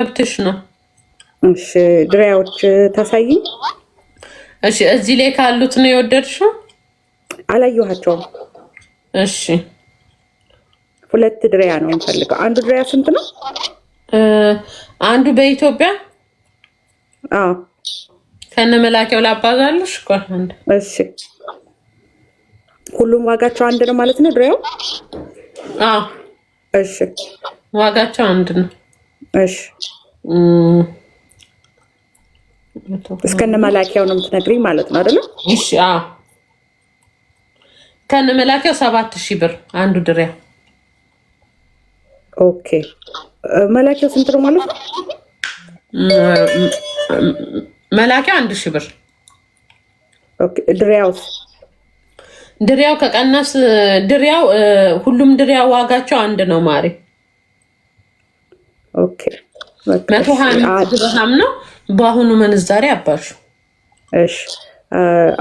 መብትሽ ነው። እሺ ድሪያዎች ታሳይ። እሺ እዚህ ላይ ካሉት ነው የወደድሽው? አላየኋቸውም። እሺ ሁለት ድሪያ ነው የምፈልገው። አንዱ ድሪያ ስንት ነው? አንዱ በኢትዮጵያ አዎ፣ ከነ መላኪያው ላባዛለሽ እኮ አንድ። እሺ ሁሉም ዋጋቸው አንድ ነው ማለት ነው ድሪያው? አዎ። እሺ ዋጋቸው አንድ ነው። እስከነ መላኪያው ነው የምትነግሪኝ ማለት ነው አይደለ? እሺ አዎ፣ ከነ መላኪያው ሰባት ሺህ ብር አንዱ ድሪያ። ኦኬ መላኪያው ስንት ነው ማለት ነው? መላኪያው አንድ ሺህ ብር። ኦኬ ድሪያውስ? ድሪያው ከቀናስ ድሪያው ሁሉም ድሪያ ዋጋቸው አንድ ነው ማሪ መቶ ሀያም ነው በአሁኑ ምንዛሬ አባሹ። እሺ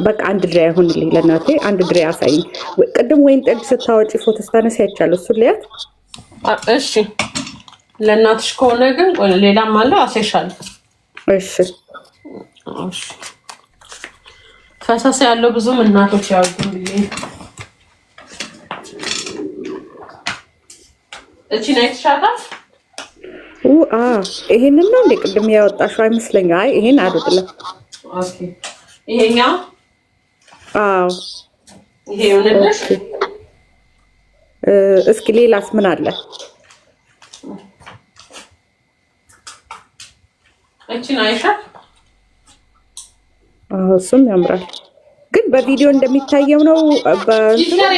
በቃ አንድ ድሬ አይሆንልኝ፣ ለእናቴ አንድ ድሬ አሳይኝ። ቅድም ወይን ጠጅ ስታወጪ ፎቶ ስታነሳ አይቻለሁ። እሱን ሊያት እሺ። ለእናትሽ ከሆነ ግን ሌላም አለው አሴሻለሁ። እሺ ፈሳሳ ያለው ብዙም እናቶች ያወዱ ብዬ እቺ ናይት የተሻታል ይሄንን ነው እንደ ቅድም ያወጣሽው አይመስለኝ። አይ ይሄን አይደለም ይሄኛው። አዎ እስኪ ሌላስ ምን አለ? እችን አይሻ እሱም ያምራል ግን በቪዲዮ እንደሚታየው ነው። በፊልተር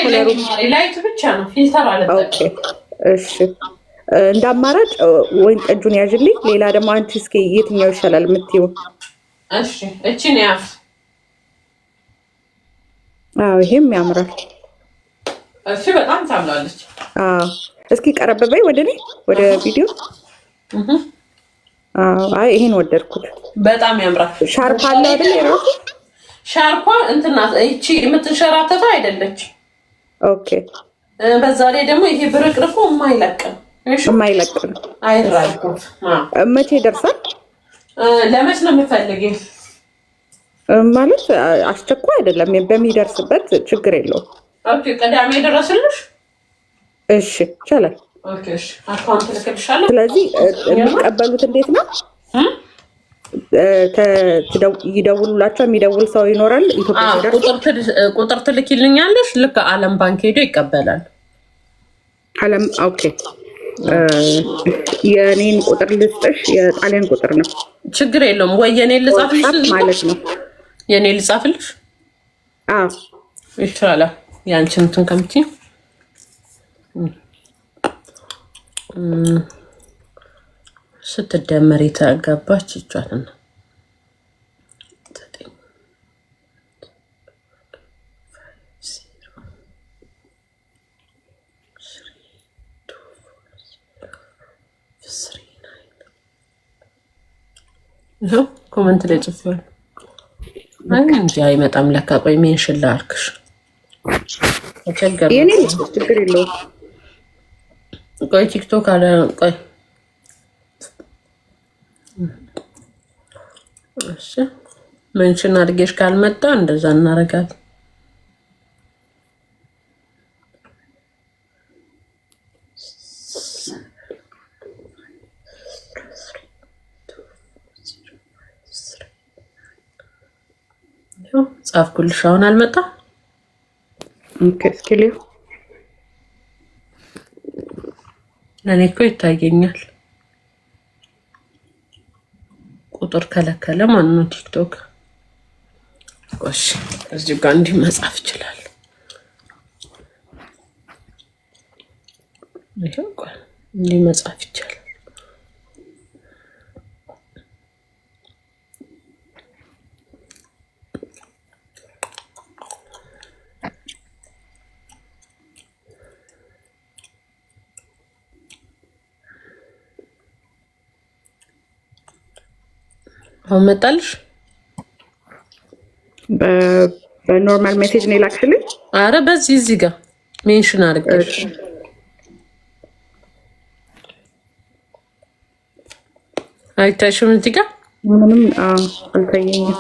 ላይት ብቻ ነው። ፊልተር አለበት። ኦኬ እሺ እንደ አማራጭ ወይን ጠጁን ያዥልኝ። ሌላ ደግሞ አንቺ እስኪ የትኛው ይሻላል የምትይው? እሺ እቺን ያፍ። አዎ ይሄም ያምራል። እሺ በጣም ታምራለች። አዎ እስኪ ቀረብ በይ ወደ እኔ ወደ ቪዲዮ። አዎ አይ ይሄን ወደድኩት። በጣም ያምራል። ሻርፕ አለ አይደል? የራሱ ሻርፓ እንትና እቺ የምትንሸራተተው አይደለች። ኦኬ። በዛ ላይ ደግሞ ይሄ ብርቅርቆ የማይለቅ የማይለቅ ነው። መቼ ይደርሳል! ለመች ነው የምፈልግ ማለት አስቸኳይ አይደለም። በሚደርስበት ችግር የለውም። ቅዳሜ ደረስልሽ? እሺ ይቻላል። ስለዚህ የሚቀበሉት እንዴት ነው? ይደውሉላቸው። የሚደውል ሰው ይኖራል። ቁጥር ይልኛለሽ። ልክ አለም ባንክ ሄዶ ይቀበላል። አለም ኦኬ የኔን ቁጥር ልስጥሽ። የጣሊያን ቁጥር ነው። ችግር የለውም ወይ? የኔ ልጻፍልሽ ማለት ነው። የኔ ልጻፍልሽ ይቻላል። የአንቺ እንትን ከምቲ ስትደመር የተጋባች ይቻትና ይኸው ኮመንት ላይ ጽፏል። እንጂ አይመጣም ለካ። ቆይ ሜንሽን ላድርግሽ። ቆይ ቲክቶክ አለ። ቆይ እሺ፣ ሜንሽን አድርጌሽ ካልመጣ እንደዛ እናደርጋለን። ጻፍኩልሽ። አሁን አልመጣ እስኪ እኔ እኮ ይታየኛል። ቁጥር ከለከለ ማን ነው? ቲክቶክ ቆሽ እዚህ ጋር እንዲህ መጻፍ ይችላል። እንዲህ መጻፍ ይቻላል። አሁን መጣልሽ? በኖርማል ሜሴጅ ነው የላክሽልኝ? አረ በዚህ እዚህ ጋር ሜንሽን አድርገሽ አይታሽም? እዚህ ጋር ምንም አልታየኝም።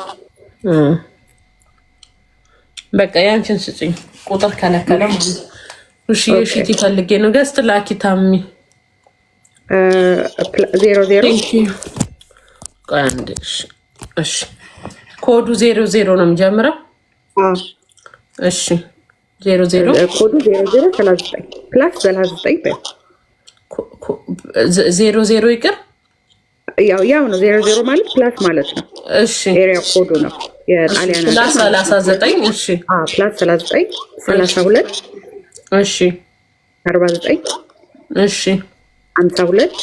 በቃ ያንቺን ስጭኝ ቁጥር ከለከለ ሺ ሺቲ ፈልጌ ነው ገስት ላኪ ታሚ ዜሮ ዜሮ ኮዱ ዜሮ ዜሮ ነው የሚጀምረው። እሺ፣ ዜሮ ዜሮ ኮዱ ዜሮ ዜሮ ሰላሳ ዘጠኝ ፕላስ ሰላሳ ዘጠኝ ዜሮ ዜሮ ይቅር፣ ያው ያው ነው። ዜሮ ዜሮ ማለት ፕላስ ማለት ነው። እሺ፣ ኤሪያ ኮዱ ነው የጣሊያን ፕላስ ሰላሳ ዘጠኝ እሺ፣ ፕላስ ሰላሳ ዘጠኝ ሰላሳ ሁለት እሺ፣ አርባ ዘጠኝ እሺ፣ ሀምሳ ሁለት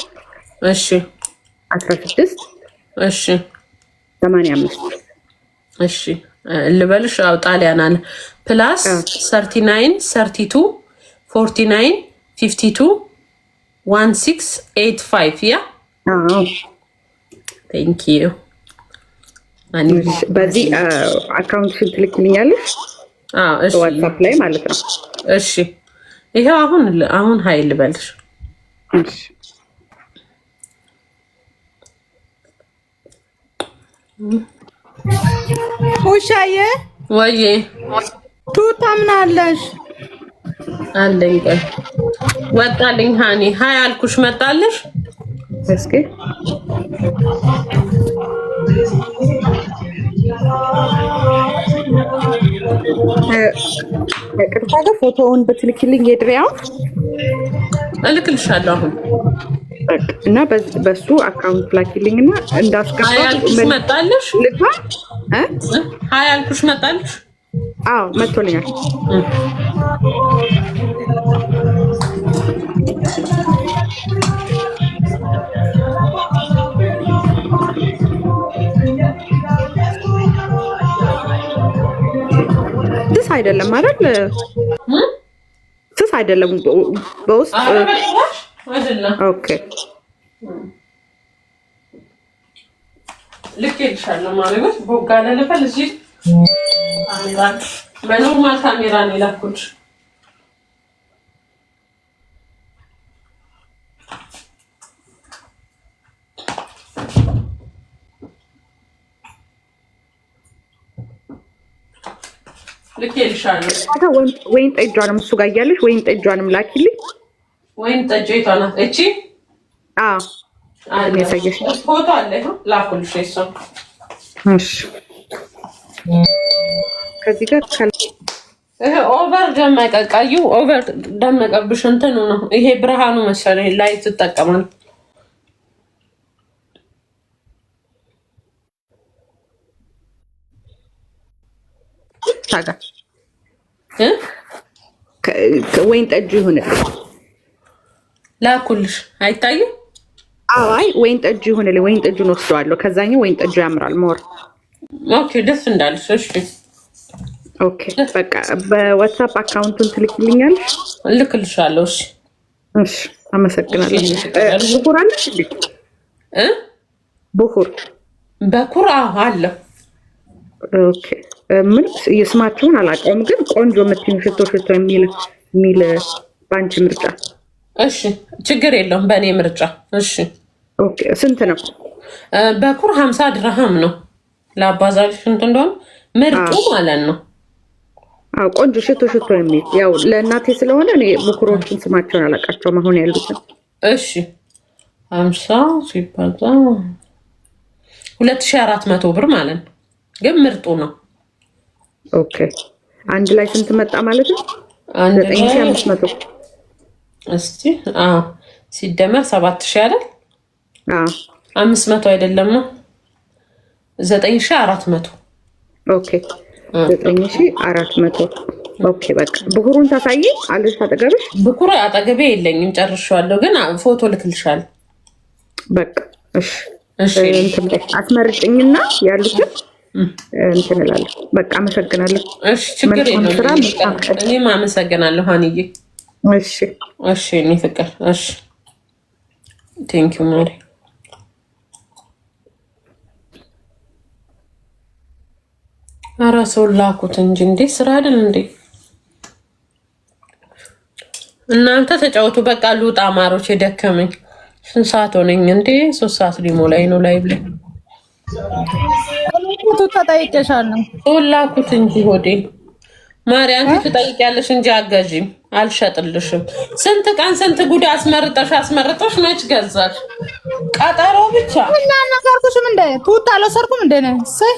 እሺ፣ አስራ ስድስት እሺ ሰማንያ አምስት እሺ ልበልሽ። አው ጣሊያን አለ ፕላስ ሰርቲ ናይን ሰርቲ ቱ ፎርቲ ናይን ፊፍቲ ቱ ዋን ሲክስ ኤይት ፋይቭ ያ ቴንክ ዩ። በዚህ አካውንት ሽን ትልክልኛለሽ ዋትሳፕ ላይ ማለት ነው። እሺ ይኸው አሁን አሁን ሀይ ልበልሽ ውሻዬ ወይ ቱታ ምን አለሽ? አለኝ ቆይ ወጣልኝ። ሃኒ ሀይ አልኩሽ መጣልሽ። እስኪ ቅርታ ጋር ፎቶውን ብትልኪልኝ የድሪያውን እልክልሻለሁ አሁን እና በሱ አካውንት ላኪልኝ እና እንዳስገባልሽ መጣለሽ ልባ ሀያ አልኩሽ መጣለሽ። አዎ መጥቶልኛል። ስስ አይደለም አይደል? ስስ አይደለም በውስጥ ኦኬ ልክ ይልሻለሁ ማለት ቦጋ ለልፈል እዚህ በኖርማል ካሜራ ነው የላኩልሽ። ልክ ይልሻለሁ። ወይን ጠጇንም እሱ ጋር እያለሽ ወይን ጠጇንም ላኪልኝ ወይም ጠጆቷ ናት እቺ። ፎቶ አለ ላኩልሽ። እሺ ከዚህ ጋር ኦቨር ደመቀ፣ ቀዩ ኦቨር ደመቀብሽ። እንትኑ ነው ይሄ ብርሃኑ መሰለኝ ላይ ትጠቀማል። ወይን ጠጁ ይሁንልሽ ላኩልሽ አይታዩ አይ ወይን ጠጁ ይሆንልኝ። ወይን ጠጁን ወስደዋለሁ። ከዛኛው ወይን ጠጁ ያምራል። ሞር ኦኬ፣ ደስ እንዳለሽ። እሺ ኦኬ፣ በቃ በዋትሳፕ አካውንቱን ትልክልኛለሽ? እልክልሻለሁ። እሺ፣ እሺ፣ አመሰግናለሁ። ብኩር አለሽ እ ብኩር በኩር አለ። ኦኬ፣ ምን የስማችሁን አላውቀውም፣ ግን ቆንጆ የምትይኝ ሽቶ ሽቶ የሚል የሚል ምርጫ እሺ ችግር የለውም። በእኔ ምርጫ እሺ። ስንት ነው? በኩር ሀምሳ ድረሃም ነው። ለአባዛሪ ስንት እንደሆነ ምርጡ ማለት ነው። ቆንጆ ሽቶ ሽቶ የሚል ያው ለእናቴ ስለሆነ እኔ ብኩሮችን ስማቸውን አላውቃቸውም አሁን ያሉትን። እሺ ሀምሳ ሲባዛ ሁለት ሺ አራት መቶ ብር ማለት ነው። ግን ምርጡ ነው። ኦኬ አንድ ላይ ስንት መጣ ማለት ነው? ዘጠኝ ሺ አምስት መቶ እስቲ ሲደመር ሰባት ሺ አይደል? አምስት መቶ አይደለም፣ ነው ዘጠኝ ሺ አራት መቶ ኦኬ፣ ዘጠኝ ሺ አራት መቶ ኦኬ። በቃ ብኩሩን ታሳይ አለሽ አጠገብሽ። ብኩር አጠገቤ የለኝም፣ ጨርሻለሁ፣ ግን ፎቶ ልክልሻል። በቃ እሺ፣ አስመርጭኝና ያሉትን እንትን እላለሁ። በቃ አመሰግናለሁ። እሺ፣ ችግር የለውም። እኔም አመሰግናለሁ ሀንዬ። እሺ እሺ፣ እኔ ፍቅር እሺ፣ ቴንክ ዩ ማሪ። ኧረ ሰው ላኩት እንጂ እንዴ! ስራ አይደል እንዴ? እናንተ ተጫወቱ። በቃ ልውጣ። ማሮች የደከመኝ ስንት ሰዓት ሆነኝ እንዴ? ሶስት ሰዓት ሊሞላኝ ነው። ላይ ብለ ተጠይቀሻለሁ። ሰው ላኩት እንጂ ሆዴ ማርያም ትጠይቂያለሽ እንጂ አገዥም አልሸጥልሽም። ስንት ቀን ስንት ጉድ አስመርጠሽ አስመርጠሽ መች ገዛሽ? ቀጠሮ ብቻ እና ነገርኩሽም እንደ ቱታ አልወሰድኩም እንደ ነህ እሰይ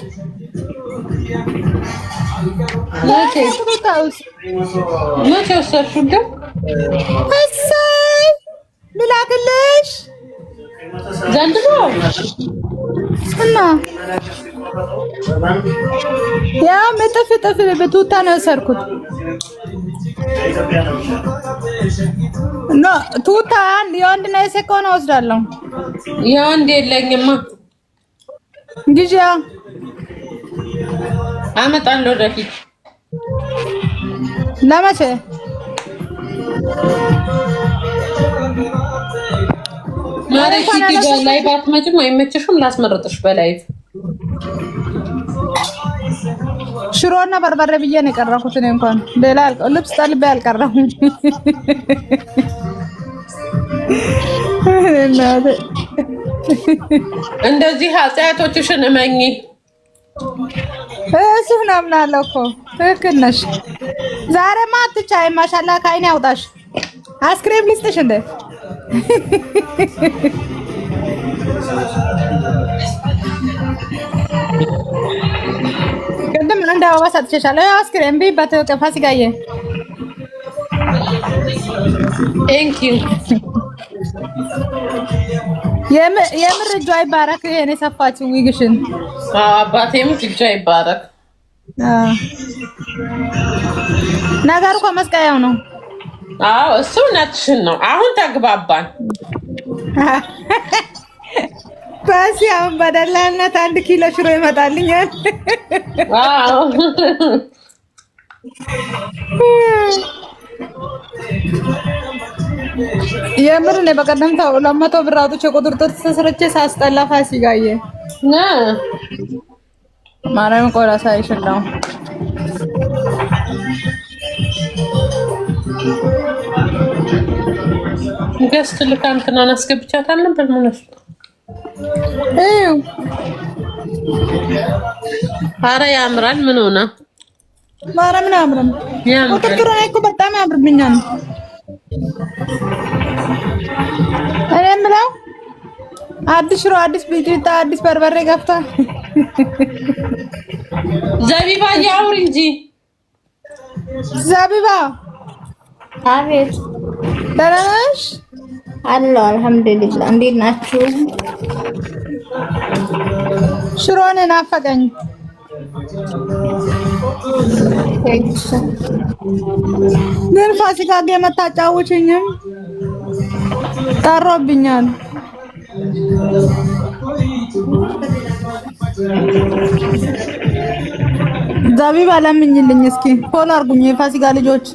መቼ ወሰድሽ? እንደ እሰይ ልላክልሽ ዘንድሮ እና ያ እጥፍ እጥፍ በቱታ ነው ሰርኩት ኖ ቱታ የወንድ ነው የሰቀውን እወስዳለሁ። የወንድ የለኝማ ጊዜ አመጣለሁ ወደፊት ለመቼ ማረሽ ይገባል። ላይቭ አትመጭም አይመችሽም? ላስመረጥሽ በላይቭ ሽሮና በርበሬ ብዬ ነው የቀረኩት። እኔ እንኳን ሌላ ልብስ ጠልቤ አልቀረኩም። እንደዚህ ኃጢአቶችሽን እመኚ። እሱን አምናለሁ እኮ ትክክል ነሽ። ዛሬማ አትቻይ። ማሻላ ከአይኔ ያውጣሽ። አይስክሬም ልስጥሽ እንደ አንድ አበባ ሰጥቼሻለሁ። አስክሬም እምቢ በተወቀፋ ሲጋየ ቴንክ ዩ የምር እጇ ይባረክ። ይሄን የሰፋችው ዊግሽን አባቴም እጇ ይባረክ። ነገር እኮ መስቀያው ነው። አዎ እሱ እውነትሽን ነው። አሁን ተግባባን። በስ አሁን በደላነት አንድ ኪሎ ሽሮ ይመጣልኛል። የምር ነው። በቀደም ሁለት መቶ ብር አውጥቼ ቁጥርጥር ተሰርቼ ሳስጠላ ፋሲካዬ ማርያም ቆላ ሳይሽን ገስት ልካ እንትን አስገብቻታል ነበር ምን እሱ አረ ያምራል። ምን ሆነ? አረ ምን አምርም ቁጥጥሩ እኮ በጣም ያምርብኛል። እኔ የምለው አዲስ ሽሮ፣ አዲስ ቢጥቢጣ፣ አዲስ በርበሬ ገብታ ዘቢባ ያውር እንጂ ዘቢባ አቤት ደህና ነሽ? አለሁ አልሐምዱሊላ። እንዴት ናችሁ? ሽሮን ናፈቀኝ። ግን ፋሲካ ጌም አታጫውችኝም? ጠሮብኛል። ዘቢባ ለምኝልኝ እስኪ ፎሎ አድርጉኝ የፋሲካ ልጆች